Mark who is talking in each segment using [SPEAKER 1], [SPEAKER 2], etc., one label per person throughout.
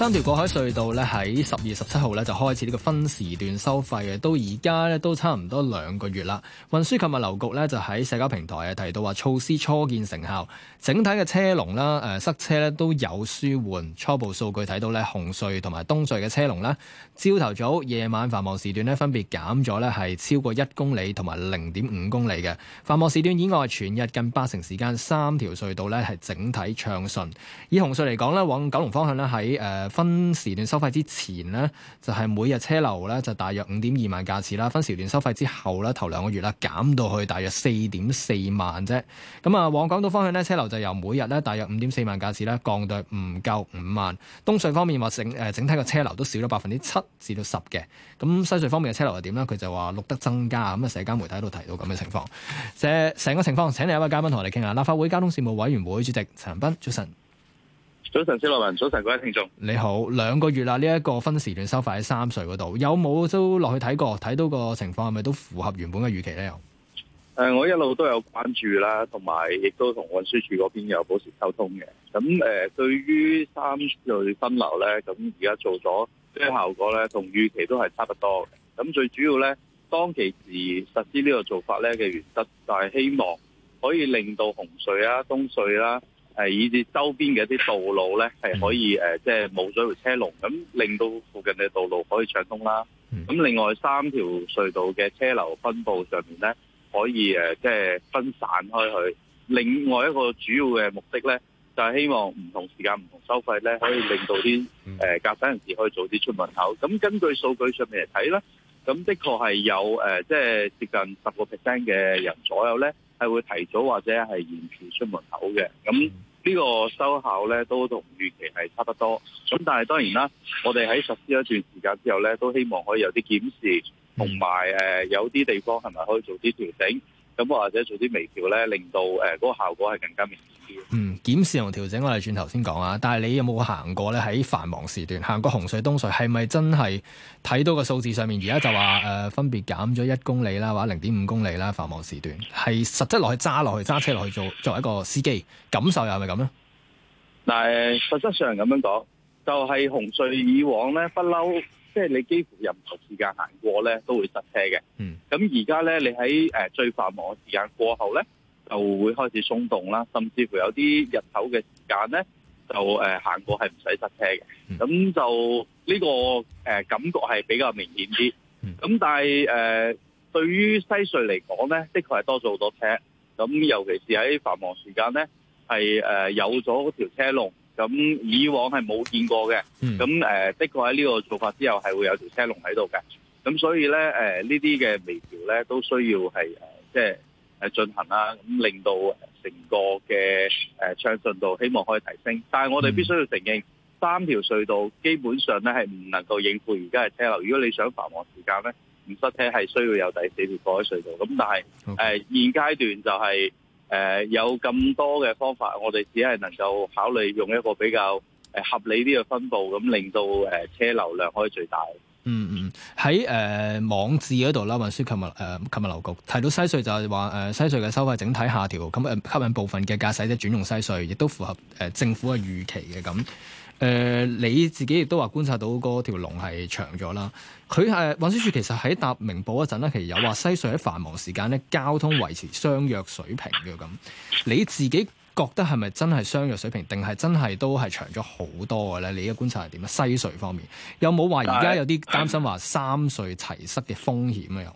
[SPEAKER 1] 三條過海隧道咧喺十二月十七號咧就開始呢個分時段收費嘅，到而家咧都差唔多兩個月啦。運輸及物流局咧就喺社交平台啊提到話措施初見成效，整體嘅車龍啦誒塞車咧都有舒緩。初步數據睇到咧紅隧同埋東隧嘅車龍咧，朝頭早、夜晚繁忙時段咧分別減咗咧係超過一公里同埋零點五公里嘅。繁忙時段以外，全日近八成時間三條隧道咧係整體暢順。以紅隧嚟講咧，往九龍方向咧喺、呃分時段收費之前呢，就係、是、每日車流呢，就大約五點二萬架次啦。分時段收費之後呢，頭兩個月啦減到去大約四點四萬啫。咁啊，往港島方向呢，車流就由每日呢，大約五點四萬架次咧，降到唔夠五萬。東隧方面話整誒、呃、整體個車流都少咗百分之七至到十嘅。咁西隧方面嘅車流係點呢？佢就話錄得增加咁啊、嗯，社交媒體度提到咁嘅情況，成個情況。請另一位嘉賓同我哋傾下，立法會交通事務委員會主席陳恒鑌早晨。
[SPEAKER 2] 早晨，謝樂文。早晨，各位聽眾。
[SPEAKER 1] 你好，兩個月啦，呢、這、一個分時段收費喺三隧嗰度，有冇都落去睇過？睇到個情況係咪都符合原本嘅預期咧？又、
[SPEAKER 2] 呃、誒，我一路都有關注啦，同埋亦都同運輸署嗰邊有保持溝通嘅。咁誒、呃，對於三隧分流咧，咁而家做咗即係效果咧，同預期都係差唔多。嘅。咁最主要咧，當其時實施呢個做法咧嘅原則就係希望可以令到紅隧啊、東隧啦。係以至周邊嘅一啲道路咧，係可以誒，即係冇咗條車龍，咁令到附近嘅道路可以暢通啦。咁另外三條隧道嘅車流分佈上面咧，可以誒，即係分散開去。另外一個主要嘅目的咧，就係希望唔同時間、唔同收費咧，可以令到啲誒駕駛人士可以早啲出門口。咁根據數據上面嚟睇咧，咁的確係有誒，即係接近十個 percent 嘅人左右咧，係會提早或者係延遲出門口嘅。咁呢個收效咧都同預期係差不多，咁但係當然啦，我哋喺實施咗一段時間之後咧，都希望可以有啲檢視，同埋誒有啲地方係咪可以做啲調整。咁或者做啲微調咧，令到誒嗰、呃那個效果係更加明
[SPEAKER 1] 顯啲。嗯，檢視同調整，我哋轉頭先講啊。但係你有冇行過咧？喺繁忙時段行過紅隧、東隧，係咪真係睇到個數字上面？而家就話誒、呃、分別減咗一公里啦，或者零點五公里啦。繁忙時段係實質落去揸落去揸車落去做，作為一個司機感受又，又係咪咁咧？
[SPEAKER 2] 但係實質上咁樣講。就係紅隧以往咧，不嬲，即係你幾乎任何時間行過咧，都會塞車嘅。咁而家咧，在你喺誒最繁忙嘅時間過後咧，就會開始鬆動啦，甚至乎有啲日頭嘅時間咧，就誒行過係唔使塞車嘅。咁、嗯、就呢個誒感覺係比較明顯啲。咁、嗯、但係誒，對於西隧嚟講咧，的確係多咗好多車。咁尤其是喺繁忙時間咧，係誒有咗條車龍。咁以往係冇見過嘅，咁、嗯、誒的確喺呢個做法之後係會有條車龍喺度嘅，咁所以咧誒呢啲嘅、呃、微調咧都需要係即係誒進行啦，咁令到成個嘅誒暢順度希望可以提升，但係我哋必須要承認、嗯，三條隧道基本上咧係唔能夠應付而家嘅車流，如果你想繁忙時間咧唔塞車，係需要有第四條過海隧道，咁但係誒、Okay. 呃、現階段就係、是。誒、呃、有咁多嘅方法，我哋只係能夠考慮用一個比較合理啲嘅分佈，咁令到誒車流量可以最大。嗯嗯，
[SPEAKER 1] 喺誒、呃、網誌嗰度啦，運輸及物誒及物流局提到西隧就係話西隧嘅收費整體下調，咁誒吸引部分嘅駕駛者轉用西隧亦都符合誒、呃、政府嘅預期嘅咁。誒、呃、你自己亦都話觀察到嗰條龍係長咗啦。佢誒運輸署其實喺搭明報嗰陣咧，其實有話西隧喺繁忙時間咧交通維持相若水平嘅咁。你自己覺得係咪真係相若水平，定係真係都係長咗好多嘅咧？你嘅觀察係點啊？西隧方面有冇話而家有啲擔心話三隧齊塞嘅風險有、啊，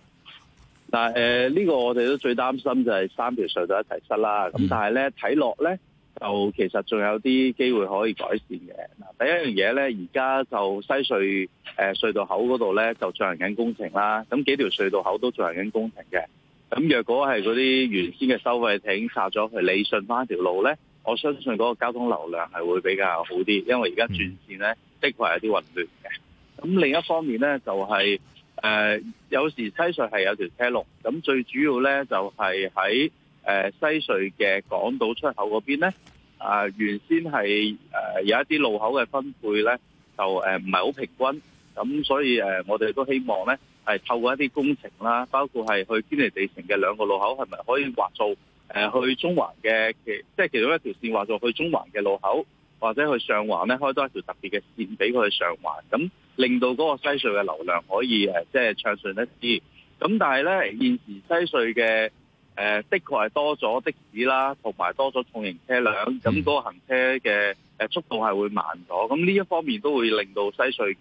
[SPEAKER 1] 但
[SPEAKER 2] 嗱誒，呢、呢個我哋都最擔心就係三條隧都一齊塞啦。咁但係咧睇落咧。嗯就其實仲有啲機會可以改善嘅。嗱，第一樣嘢呢，而家就西隧誒、呃、隧道口嗰度呢，就進行緊工程啦。咁幾條隧道口都進行緊工程嘅。咁若果係嗰啲原先嘅收費亭拆咗去理順翻條路呢，我相信嗰個交通流量係會比較好啲，因為而家轉線呢，的確係有啲混亂嘅。咁另一方面呢，就係、是、誒、呃、有時西隧係有條車龍。咁最主要呢，就係喺，誒西隧嘅港島出口嗰邊咧，啊原先係誒有一啲路口嘅分配咧，就誒唔係好平均，咁所以誒我哋都希望咧係透過一啲工程啦，包括係去堅尼地城嘅兩個路口係咪可以劃做誒去中環嘅其即係其中一條線劃做去中環嘅路口，或者去上環咧開多一條特別嘅線俾佢去上環，咁令到嗰個西隧嘅流量可以誒即係暢順一啲。咁但係咧現時西隧嘅誒，的確係多咗的士啦，同埋多咗重型車輛，咁嗰個行車嘅誒速度係會慢咗。咁呢一方面都會令到西隧嗰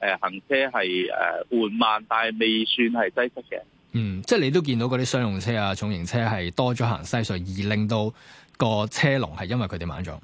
[SPEAKER 2] 個誒行車係誒緩慢，但係未算係擠塞嘅。嗯，
[SPEAKER 1] 即係你都見到嗰啲商用車啊、重型車係多咗行西隧，而令到個車龍係因為佢哋慢咗。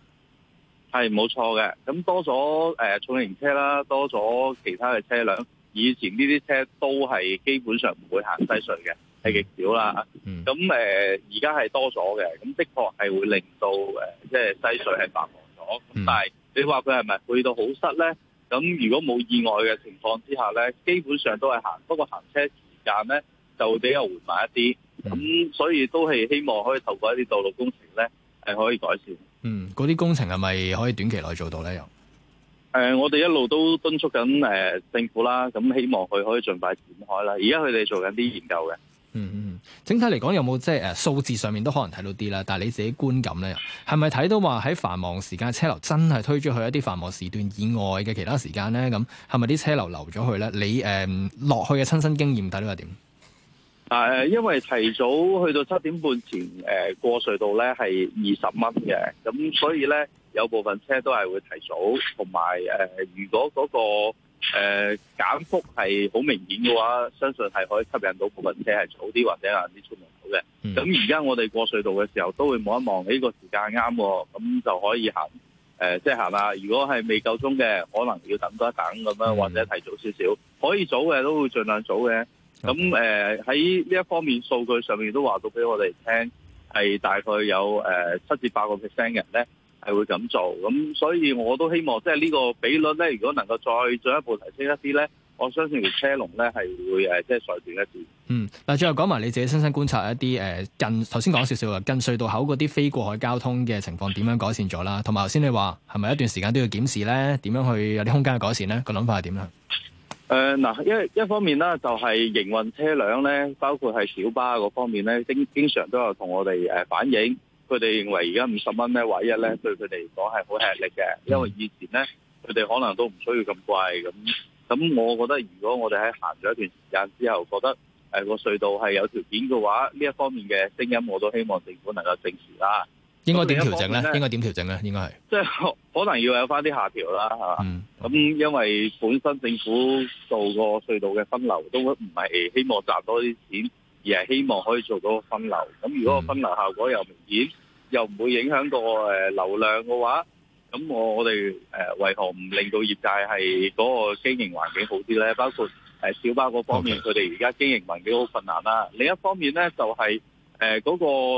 [SPEAKER 2] 係冇錯嘅，咁多咗誒重型車啦，多咗其他嘅車輛，以前呢啲車都係基本上唔會行西隧嘅。係極少啦，咁誒而家係多咗嘅，咁的確係會令到即係、呃、西隧係繁忙咗、嗯，但係你話佢係咪去到好塞咧？咁如果冇意外嘅情況之下咧，基本上都係行，不過行車時間咧就會比較緩慢一啲，咁、嗯、所以都係希望可以透過一啲道路工程咧係可以改善。嗯，
[SPEAKER 1] 嗰啲工程係咪可以短期內做到咧？又、
[SPEAKER 2] 呃、我哋一路都敦促緊政府啦，咁希望佢可以盡快展開啦。而家佢哋做緊啲研究嘅。
[SPEAKER 1] 嗯嗯，整體嚟講有冇即係誒數字上面都可能睇到啲啦，但係你自己觀感咧，係咪睇到話喺繁忙時間車流真係推出去一啲繁忙時段以外嘅其他時間咧？咁係咪啲車流流咗去咧？你誒落、呃、去嘅親身經驗睇到係點？
[SPEAKER 2] 誒、呃，因為提早去到七點半前誒、呃、過隧道咧係二十蚊嘅，咁所以咧有部分車都係會提早，同埋誒如果嗰、嗰個誒減幅係好明顯嘅話，相信係可以吸引到部分車係早啲或者晏啲出門口嘅。咁而家我哋過隧道嘅時候，都會望一望，呢個時間啱喎，咁就可以行誒、呃，即係行下、啊，如果係未夠鐘嘅，可能要等多一等咁樣、嗯，或者提早少少，可以早嘅都會儘量早嘅。咁誒喺呢一方面數據上面都話到俾我哋聽，係大概有誒七至八個 percent 嘅人咧。係會咁做，咁所以我都希望即係呢個比率咧，如果能夠再進一步提升一啲咧，我相信條車龍咧係會誒即係縮短一啲。嗯，
[SPEAKER 1] 嗱，最後講埋你自己親身，身觀察一啲誒近頭先講少少啊，近隧道口嗰啲非過海交通嘅情況點樣改善咗啦？同埋頭先你話係咪一段時間都要檢視咧？點樣去有啲空間嘅改善咧？個諗法係點咧？
[SPEAKER 2] 誒、呃，嗱，一一方面咧就係營運車輛咧，包括係小巴嗰方面咧，經經常都有同我哋誒反映。佢哋認為而家五十蚊咩位咧，對佢哋嚟講係好吃力嘅，因為以前咧，佢哋可能都唔需要咁貴咁。咁我覺得，如果我哋喺行咗一段時間之後，覺得誒個、呃、隧道係有條件嘅話，呢一方面嘅聲音，我都希望政府能夠正視啦。
[SPEAKER 1] 應該點調整咧？應該點調整咧？應該係
[SPEAKER 2] 即係可能要有翻啲下調啦，係、嗯、嘛？咁因為本身政府做個隧道嘅分流都唔係希望賺多啲錢，而係希望可以做到分流，咁如果個分流效果又明顯，又唔會影響到誒、呃、流量嘅話，咁我我哋、呃、為何唔令到業界係嗰個經營環境好啲呢？包括誒、呃、小巴嗰方面，佢哋而家經營環境好困難啦。另一方面呢，就係誒嗰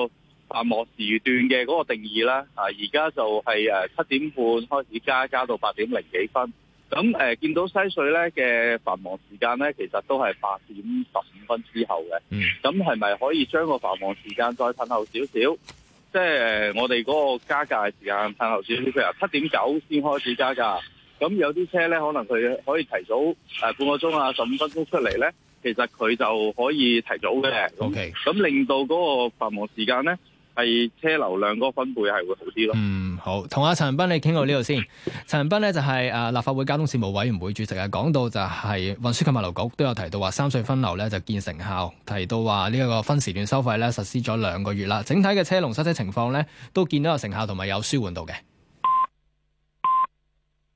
[SPEAKER 2] 個繁忙、啊、時段嘅嗰個定義啦。啊，而家就係誒七點半開始加，加到八點零幾分。咁誒、呃、見到西隧咧嘅繁忙時間咧，其實都係八點十五分之後嘅。咁係咪可以將個繁忙時間再褪後少少？即係我哋嗰個加價嘅時間褪後少少，譬如七點九先開始加價。咁有啲車咧，可能佢可以提早、呃、半個鐘啊十五分鐘出嚟咧，其實佢就可以提早嘅。OK，咁令到嗰個繁忙時間咧。係車流量嗰個分配係
[SPEAKER 1] 會好啲咯。嗯，好，同阿陳恒鑌你傾到呢度先。陳恒鑌咧就係誒立法會交通事務委員會主席啊，講到就係運輸及物流局都有提到話三隧分流咧就見成效，提到話呢一個分時段收費咧實施咗兩個月啦，整體嘅車龍塞車情況咧都見到有成效同埋有舒緩到嘅。